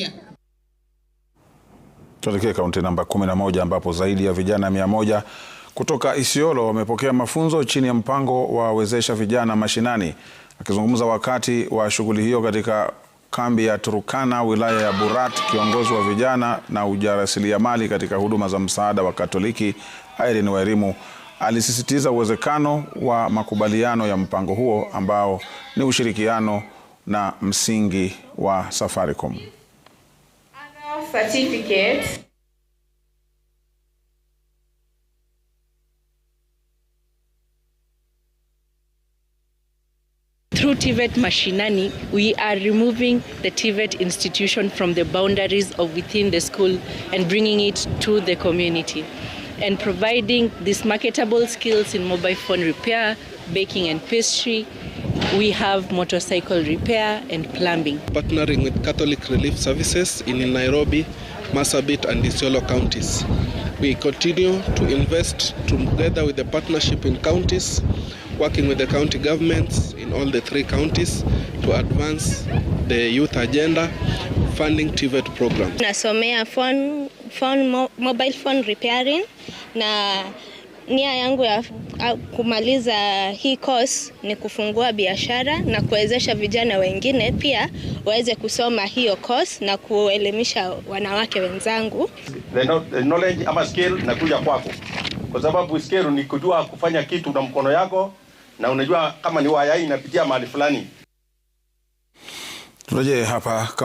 Yeah. Tuelekee kaunti namba 11 ambapo zaidi ya vijana mia moja kutoka Isiolo wamepokea mafunzo chini ya mpango wa wezesha vijana mashinani. Akizungumza wakati wa shughuli hiyo katika kambi ya turukana wilaya ya burat kiongozi wa vijana na mali katika huduma za msaada wa Katoliki Irene Wairimu alisisitiza uwezekano wa makubaliano ya mpango huo ambao ni ushirikiano na msingi wa Safaricom. certificate Through TVET Mashinani, we are removing the TVET institution from the boundaries of within the school and bringing it to the community and providing these marketable skills in mobile phone repair, baking and pastry, We have motorcycle repair and plumbing. Partnering with Catholic Relief Services in Nairobi, masabit and Isiolo counties. We continue to invest together with the partnership in counties, working with the county governments in all the three counties to advance the youth agenda, funding TVET program. Nasomea phone, phone, mobile phone repairing na Nia yangu ya kumaliza hii course ni kufungua biashara na kuwezesha vijana wengine pia waweze kusoma hiyo course na kuelimisha wanawake wenzangu. The knowledge ama skill nakuja kwako, kwa sababu skill ni kujua kufanya kitu na mkono yako, na unajua kama ni waya inapitia mahali fulani. Turejee hapa